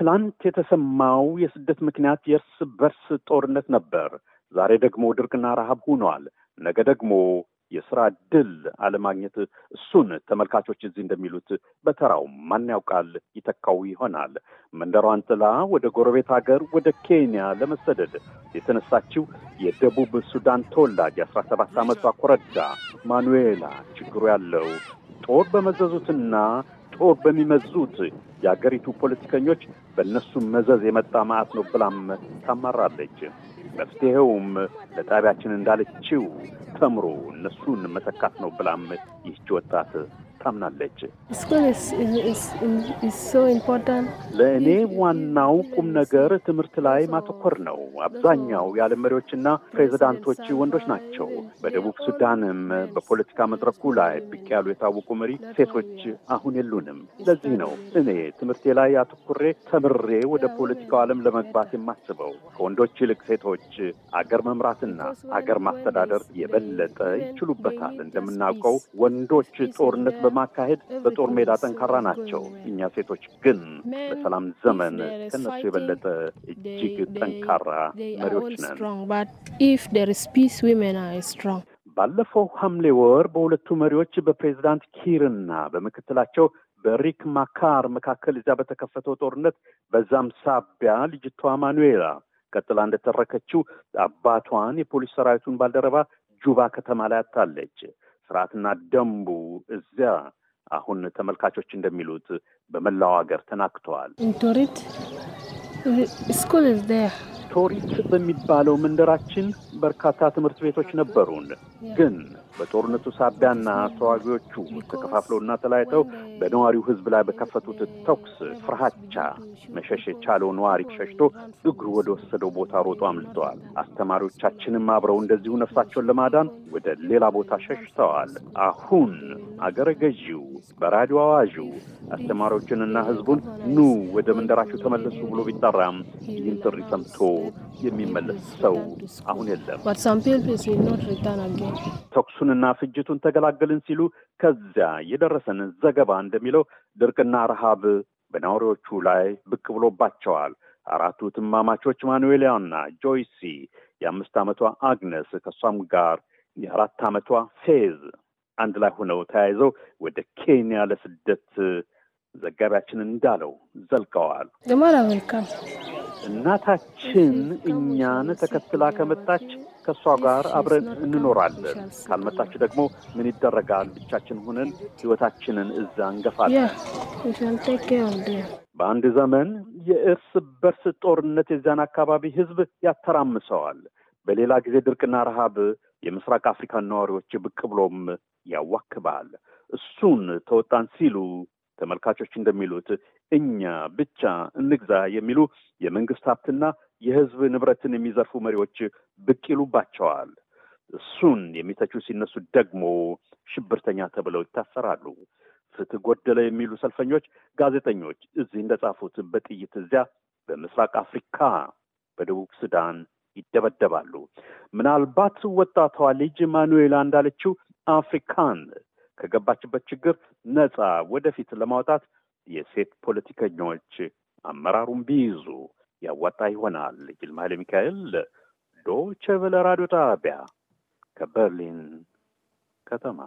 ትላንት የተሰማው የስደት ምክንያት የእርስ በርስ ጦርነት ነበር። ዛሬ ደግሞ ድርቅና ረሃብ ሆኗል። ነገ ደግሞ የስራ እድል አለማግኘት፣ እሱን ተመልካቾች እዚህ እንደሚሉት በተራው ማን ያውቃል ይተካው ይሆናል። መንደሯን ጥላ ወደ ጎረቤት ሀገር ወደ ኬንያ ለመሰደድ የተነሳችው የደቡብ ሱዳን ተወላጅ የአስራ ሰባት ዓመቷ ኮረዳ ማኑዌላ ችግሩ ያለው ጦር በመዘዙትና ጦር በሚመዙት የአገሪቱ ፖለቲከኞች በእነሱም መዘዝ የመጣ መዓት ነው ብላም ታማራለች። መፍትሔውም ለጣቢያችን እንዳለችው ተምሮ እነሱን መተካት ነው ብላም ይህች ወጣት ታምናለች። ለእኔ ዋናው ቁም ነገር ትምህርት ላይ ማተኮር ነው። አብዛኛው የዓለም መሪዎችና ፕሬዚዳንቶች ወንዶች ናቸው። በደቡብ ሱዳንም በፖለቲካ መድረኩ ላይ ብቅ ያሉ የታወቁ መሪ ሴቶች አሁን የሉንም። ለዚህ ነው እኔ ትምህርቴ ላይ አተኩሬ ተምሬ ወደ ፖለቲካው ዓለም ለመግባት የማስበው። ከወንዶች ይልቅ ሴቶች አገር መምራትና አገር ማስተዳደር የበለጠ ይችሉበታል። እንደምናውቀው ወንዶች ጦርነት በማካሄድ በጦር ሜዳ ጠንካራ ናቸው። እኛ ሴቶች ግን በሰላም ዘመን ከነሱ የበለጠ እጅግ ጠንካራ መሪዎች ነን። ባለፈው ሐምሌ ወር በሁለቱ መሪዎች በፕሬዚዳንት ኪርና በምክትላቸው በሪክ ማካር መካከል እዚያ በተከፈተው ጦርነት በዛም ሳቢያ ልጅቷ ማኑዌላ ቀጥላ እንደተረከችው አባቷን የፖሊስ ሰራዊቱን ባልደረባ ጁባ ከተማ ላይ አታለች። ስርዓትና ደንቡ እዚያ አሁን ተመልካቾች እንደሚሉት በመላው ሀገር ተናክተዋል። ቶሪት uh, ቶሪት በሚባለው መንደራችን በርካታ ትምህርት ቤቶች ነበሩን ግን በጦርነቱ ሳቢያና ተዋጊዎቹ ተከፋፍለውና ተለያይተው በነዋሪው ህዝብ ላይ በከፈቱት ተኩስ ፍርሃቻ መሸሽ የቻለው ነዋሪ ሸሽቶ እግሩ ወደ ወሰደው ቦታ ሮጦ አምልጠዋል። አስተማሪዎቻችንም አብረው እንደዚሁ ነፍሳቸውን ለማዳን ወደ ሌላ ቦታ ሸሽተዋል። አሁን አገረ ገዢው በራዲዮ አዋዡ አስተማሪዎችንና ህዝቡን ኑ ወደ መንደራችሁ ተመለሱ ብሎ ቢጠራም ይህን ጥሪ ሰምቶ የሚመለስ ሰው አሁን የለም። እሱንና ፍጅቱን ተገላገልን ሲሉ ከዚያ የደረሰን ዘገባ እንደሚለው ድርቅና ረሃብ በነዋሪዎቹ ላይ ብቅ ብሎባቸዋል። አራቱ ትማማቾች ማኑዌሊያና ጆይሲ፣ የአምስት ዓመቷ አግነስ ከእሷም ጋር የአራት ዓመቷ ፌዝ አንድ ላይ ሆነው ተያይዘው ወደ ኬንያ ለስደት ዘጋቢያችን እንዳለው ዘልቀዋል። ጀማል አሜሪካን እናታችን እኛን ተከትላ ከመጣች ከእሷ ጋር አብረን እንኖራለን። ካልመጣች ደግሞ ምን ይደረጋል? ብቻችን ሆነን ህይወታችንን እዛ እንገፋለን። በአንድ ዘመን የእርስ በርስ ጦርነት የዚያን አካባቢ ህዝብ ያተራምሰዋል። በሌላ ጊዜ ድርቅና ረሃብ የምስራቅ አፍሪካን ነዋሪዎች ብቅ ብሎም ያዋክባል። እሱን ተወጣን ሲሉ ተመልካቾች እንደሚሉት እኛ ብቻ እንግዛ የሚሉ የመንግስት ሀብትና የህዝብ ንብረትን የሚዘርፉ መሪዎች ብቅ ይሉባቸዋል። እሱን የሚተቹ ሲነሱ ደግሞ ሽብርተኛ ተብለው ይታሰራሉ። ፍትህ ጎደለ የሚሉ ሰልፈኞች፣ ጋዜጠኞች እዚህ እንደጻፉት በጥይት እዚያ፣ በምስራቅ አፍሪካ፣ በደቡብ ሱዳን ይደበደባሉ። ምናልባት ወጣቷ ልጅ ማኑኤላ እንዳለችው አፍሪካን ከገባችበት ችግር ነፃ ወደፊት ለማውጣት የሴት ፖለቲከኞች አመራሩን ቢይዙ ያዋጣ ይሆናል። ይልማ ኃይለ ሚካኤል ዶቼ ቬለ ራዲዮ ጣቢያ ከበርሊን ከተማ